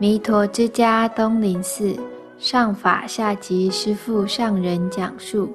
彌陀之家東林寺，上法下寂師父上人講述，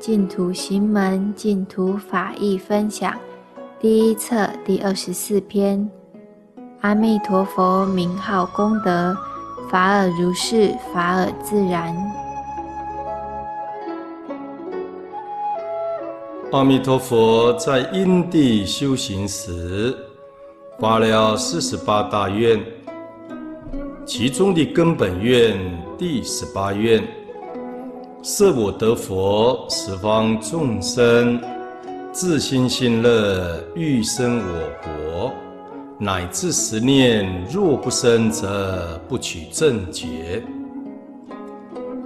淨土行門，淨土法義分享，第一冊第二十四篇。阿彌陀佛名號功德，法爾如是，法爾自然。阿彌陀佛在因地修行時，發了四十八大願。其中的根本願第十八願，設我得佛，十方眾生，至心信樂，欲生我國，乃至十念，若不生則不取正覺。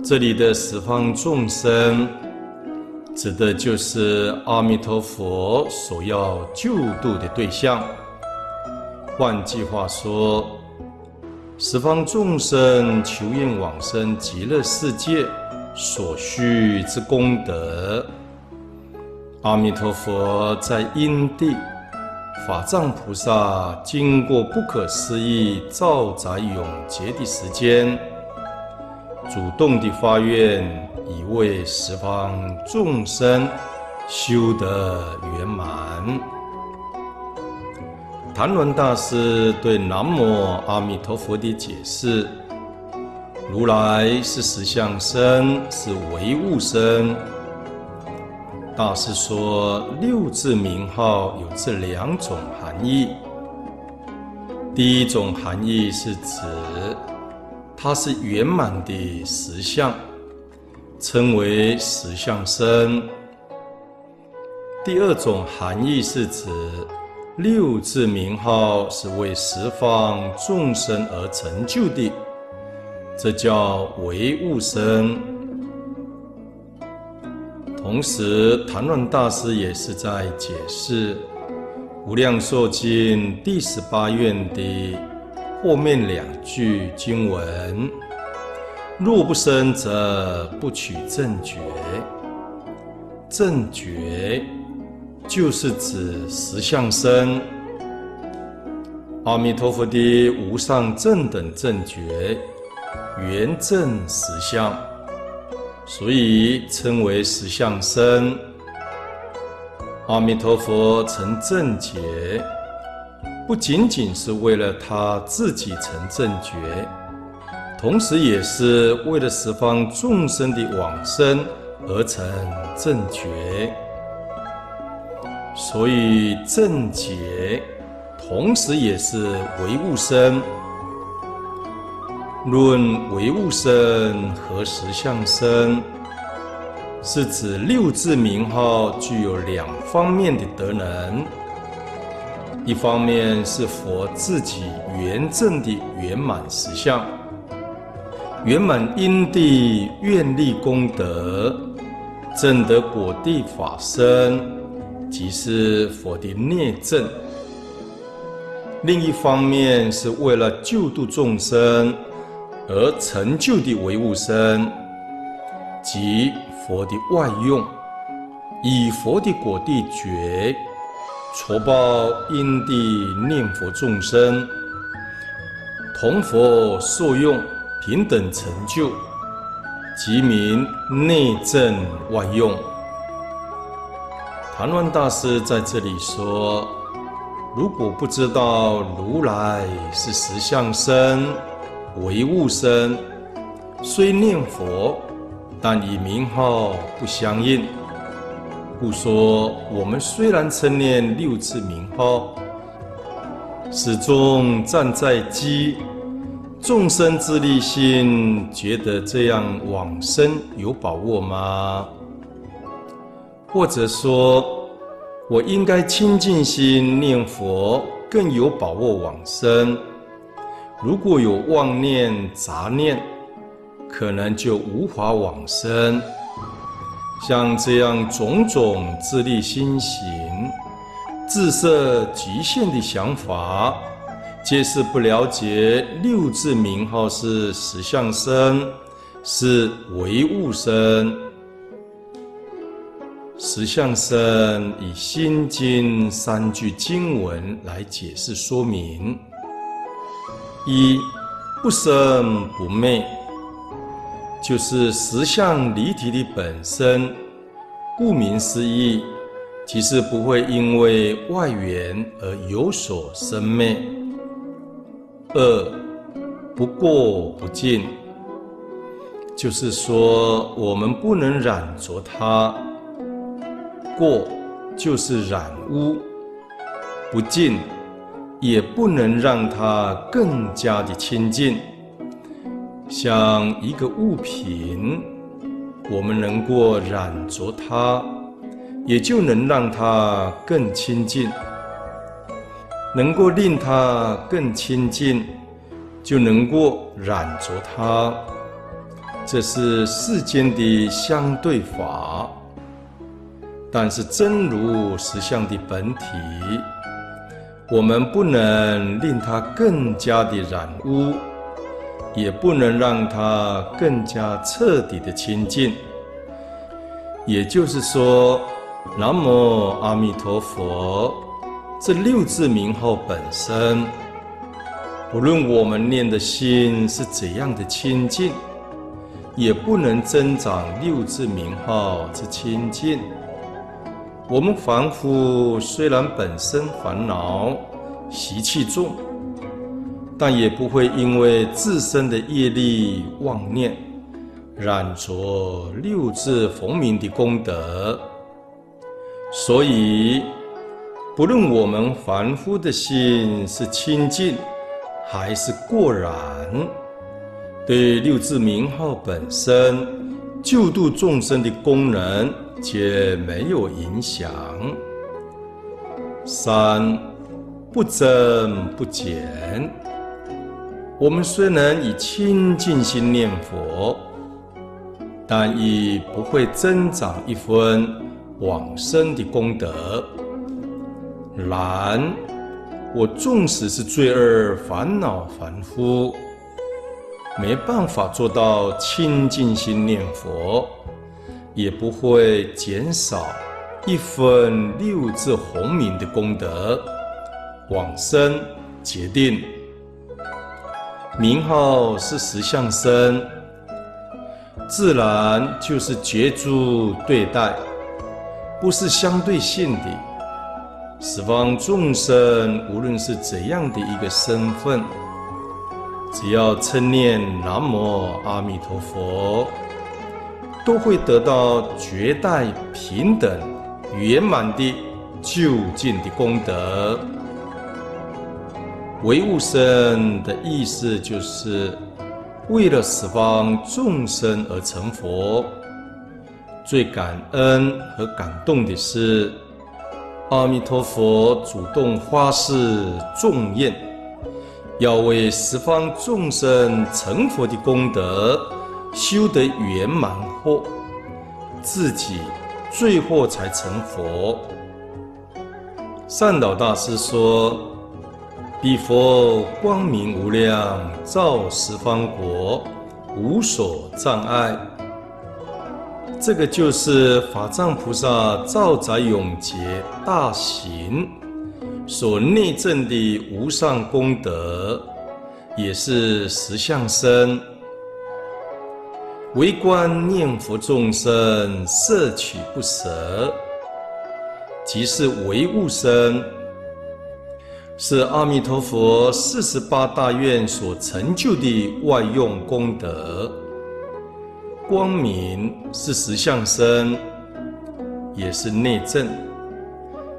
這裡的十方眾生，指的就是阿彌陀佛所要救度的對象。換句話說。十方眾生，求願往生極樂世界所需之功德，阿彌陀佛在因地法藏菩薩經過不可思議兆載永劫的時間，主動地發願，以為十方眾生修得圓滿。曇鸞大師對南無阿彌陀佛的解釋：“如來是實相身，是唯物身。大師說六字名號有這兩種含義。第一種含義是指它是圓滿的實相，稱為實相身；第二種含義是指。六字名號是為十方眾生而成就的，這叫唯物生。同時，曇鸞大師也是在解釋《無量壽經》第十八願的後面兩句經文：若不生，則不取正覺，正覺，就是指實相身，阿彌陀佛的無上正等正覺，圓證實相，所以稱為實相身。阿彌陀佛成正覺，不僅僅是為了他自己成正覺，同時也是為了十方眾生的往生而成正覺。所以正解，同時也是為物身。論為物身和實相身，是指六字名號具有兩方面的德能。一方面是佛自己圓證的圓滿實相，圓滿因地願力功德，證得果地法身。即是佛的內證，另一方面是為了救度眾生而成就的唯物身，即佛的外用，以佛的果地覺，酬報因地念佛眾生，同佛受用平等成就，即名內證外用。曇鸞大師在這裡說：“如果不知道如來是實相身、為物身，雖念佛，但以名號不相應。故說我們雖然稱念六字名號，始終站在機、眾生自力心，覺得這樣往生有把握嗎？或者說？”我應該清淨心念佛，更有把握往生。如果有妄念、雜念，可能就無法往生。像這樣種種自利心行、自設極限的想法，皆是不了解六字名號是實相身，是唯物身。實相身以心經三句經文來解釋說明：一，不生不滅，就是實相離體的本身，顧名思義，即是不會因為外緣而有所生滅；二，不垢不淨，就是說我們不能染着它。過就是染污、不淨，也不能讓它更加的清淨。像一個物品，我們能夠染着它，也就能讓它更清淨；能夠令它更清淨，就能夠染着它。這是世間的相對法。但是真如實相的本體，我們不能令它更加的染污，也不能讓它更加徹底的清淨。也就是說，南無阿彌陀佛這六字名號本身，無論我們念的心是怎樣的清淨，也不能增長六字名號之清淨。我們凡夫雖然本身煩惱習氣重，但也不會因為自身的業力妄念染着六字佛名的功德。所以，不論我們凡夫的心是清淨還是垢染，對六字名號本身，救度眾生的功能皆沒有影響。三，不增不減，我們雖能以清淨心念佛，但亦不會增長一分往生的功德。然我縱使是罪惡煩惱凡夫。沒辦法做到清淨心念佛，也不會減少一分六字洪名的功德。往生決定，名號是實相身，自然就是絕諸對待，不是相對性的。十方眾生，無論是怎樣的一個身份。只要稱念南無阿彌陀佛，都會得到絕待平等、圓滿的究竟的功德。唯物生的意思就是，為了十方眾生而成佛。最感恩和感動的是，阿彌陀佛主動發誓重願。要為十方眾生成佛的功德，修得圓滿後，自己最後才成佛。善導大師說：“彼佛光明無量，照十方國，無所障礙。”這個就是法藏菩薩兆載永劫大行。所內證的無上功德，也是實相身。為觀念佛眾生，攝取不舍，即是為物身。是阿彌陀佛四十八大願所成就的外用功德。光明是實相身，也是內證。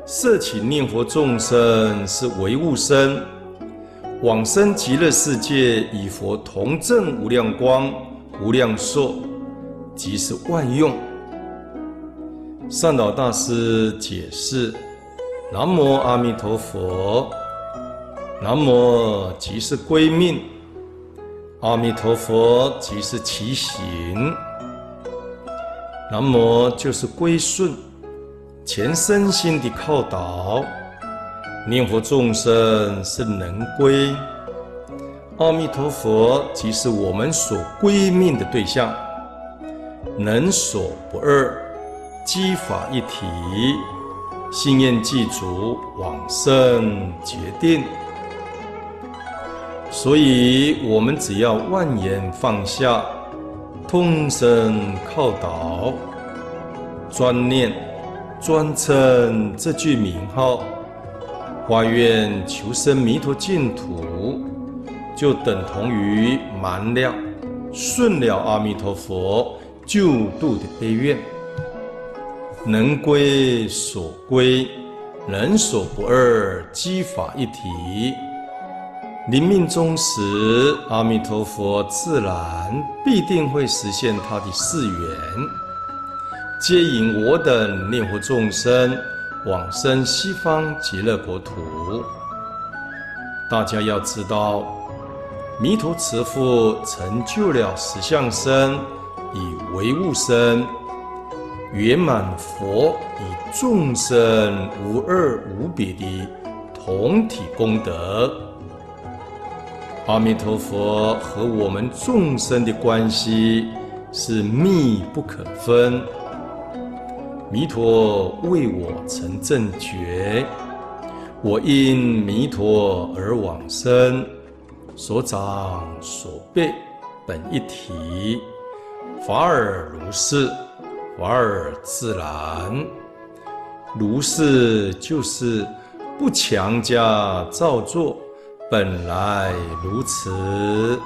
攝取念佛眾生是唯物生，往生極樂世界與佛同證無量光、無量壽，即是萬用。善導大師解釋：“南無阿彌陀佛，南無即是歸命；阿彌陀佛即是其行；南無就是歸順。”全身心的靠倒，念佛眾生是能歸，阿彌陀佛即是我們所歸命的對象，能所不二，機法一體，信願具足，往生決定。所以，我們只要萬言放下，通身靠倒，專念。專稱這句名號，發願求生彌陀淨土，就等同於滿了順了阿彌陀佛救度的悲願，能歸所歸，能所不二，機法一體，臨命終時，阿彌陀佛自然必定會實現他的誓言。接引我等念佛眾生往生西方極樂國土。大家要知道，彌陀慈父成就了實相身、以為物身，圓滿佛與眾生無二無別的同體功德。阿彌陀佛和我們眾生的關係是密不可分。彌陀為我成正覺，我因彌陀而往生，所長所備本一體，法爾如是，法爾自然。如是就是不強加造作，本來如此。